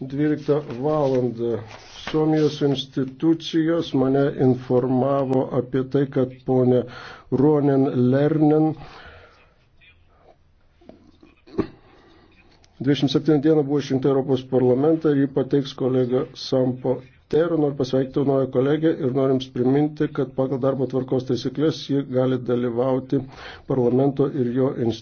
12 valandą Suomijos institucijos mane informavo apie tai, kad ponė Ronen Lernen 27 dieną buvo išrinkta Europos parlamentą ir jį pateiks kolega Sampo Teru. Noriu pasveikti naują kolegę ir norim priminti, kad pagal darbo tvarkos taisyklės ji gali dalyvauti parlamento ir jo institucijų.